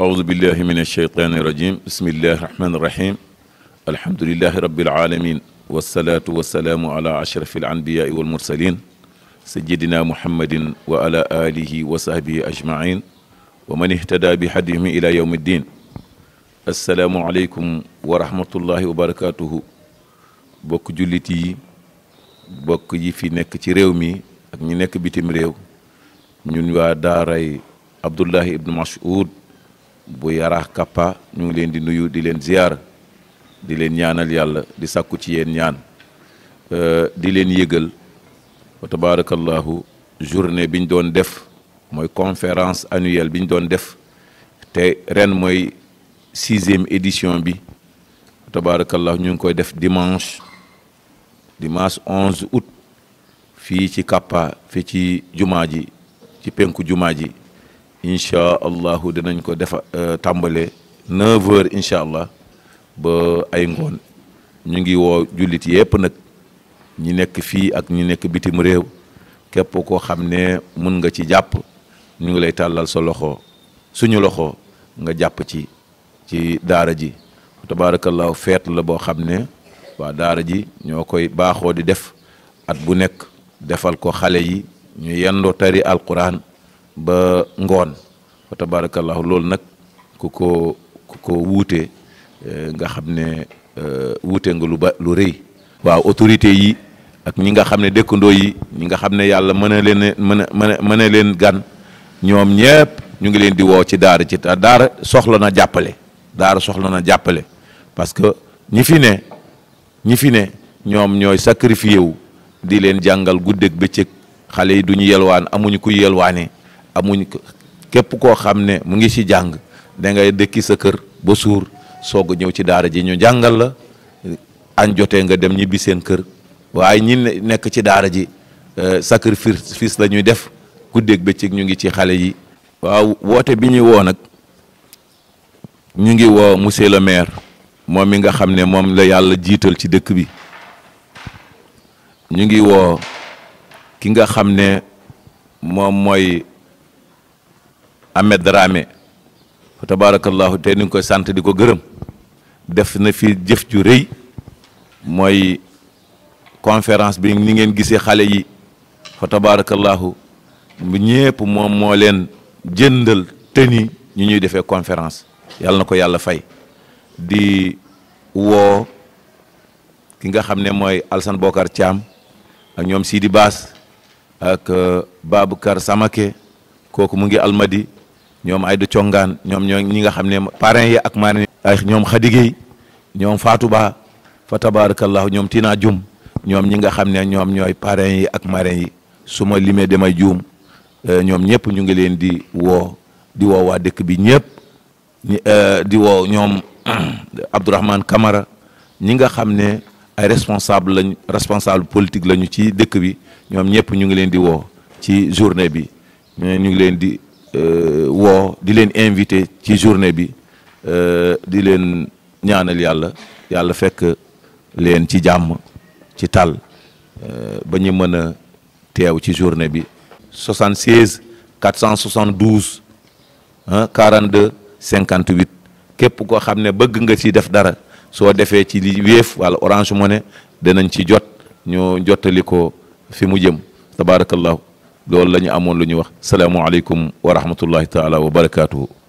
أعوذ بالله من الشيطان الرجيم بسم الله الرحمن الرحيم الحمد لله رب العالمين والصلاة والسلام على أشرف الأنبياء والمرسلين سيدنا محمد وعلى آله وصحبه أجمعين ومن اهتدى بهديهم إلى يوم الدين السلام عليكم ورحمة الله وبركاته بك جلتي بك bokk نك تريومي nekk ci réew mi ak ñi nekk bitim réew Nous avons kappa ñu ngi leen di nuyu di leen dit di leen ñaanal dit di ci dit ñaan euh, di journée def conférence annuelle bindon def te ren 6 sixième édition bi wa Allahu, Nous ngi koy def dimanche dimanche 11 août fi ci kappa fi ci Jumaji... incha allahu dinañ ko defa euh, tàmbale 9 heures incha allah ba ay ngoon ñu ngi woo jullit yépp nag ñi nekk fii ak ñi nekk bitim réew képp koo xam ne mun nga ci jàpp ñu ngi lay tàllal sa loxo suñu loxo nga jàpp ci ci daara ji tabaarakallaahu feet la boo xam ne waa daara ji ñoo koy baaxoo di def at bu nekk defal ko xale yi ñu yendoo tari alquran ba ngon fa tabarakallahu nak nag kuko ko ku ko wuute eh, nga xam ne eh, wuute nga lu lu rëy waaw autorité yi ak ñi nga xam yi ñi nga xam ne yàlla leen leen gan nyom ñépp ñu ngi leen di woo ci daara ci daara soxla na jàppale daara soxla na jàppale parce que ñi fi ne ñi fi ne ñoom ñooy sacrifié wu di leen yi duñu yelwaan amuñu amuñ ko képp koo xam ne mu ngi ci jàng da ngay dëkki sa kër ba suur soog a ñëw ci daara ji ñu jàngal la añ jotee nga dem ñibbi seen kër waaye ñi nekk ci daara ji euh, sacrifice la ñuy def guddeeg bëccëg ñu ngi ci xale yi. waaw woote bi ñuy woo nag ñu ngi woo monsieur le maire moom mi nga xam ne moom la yàlla jiital ci dëkk bi ñu ngi woo ki nga xam ne moom mooy. Ahmed drame fa tabarakallahu te ni ko sante di geureum def na fi jef ju reuy moy conférence bi ni ngeen gisee xalé yi fa tabarakallah bu ñepp mom mo len jëndal ñu ñuy defé conférence yalla nako yalla fay di wo ki nga xamne moy Alsan Bokar Thiam ak ñom Sidi bass ak kar euh, Samake koku mu ngi almadi ñoom ay du congaan ñoom ñoo ñi nga xam ne parrain yi ak marraine ay ñoom xadigéey ñoom Fatou Ba fa tabarakallahu ñoom Tina Jum ñoom ñi nga xam ne ñoom ñooy parrain yi ak marraine yi suma ma limee damay juum euh, ñoom ñëpp ñu ngi leen di woo di woo waa dëkk bi ñëpp euh, di woo ñoom Abdourahmane kamara ñi nga xam ne ay responsable lañ responsable politique lañu ci dëkk bi ñoom ñëpp ñu ngi leen di woo ci journée bi ñu ngi leen di Euh, woo di leen invité ci journée bi euh, di leen ñaanal yàlla yàlla fekk leen ci jàmm ci tal euh, ba ñu mën a teew ci journée bi 76 472 ah 42 58 képp koo xam ne bëgg nga ci def dara soo defee ci li Wave wala Orange Money danañ ci jot ñu jottali ko fi mu jëm tabarakallahu لول لا امون لو وخ السلام عليكم ورحمه الله تعالى وبركاته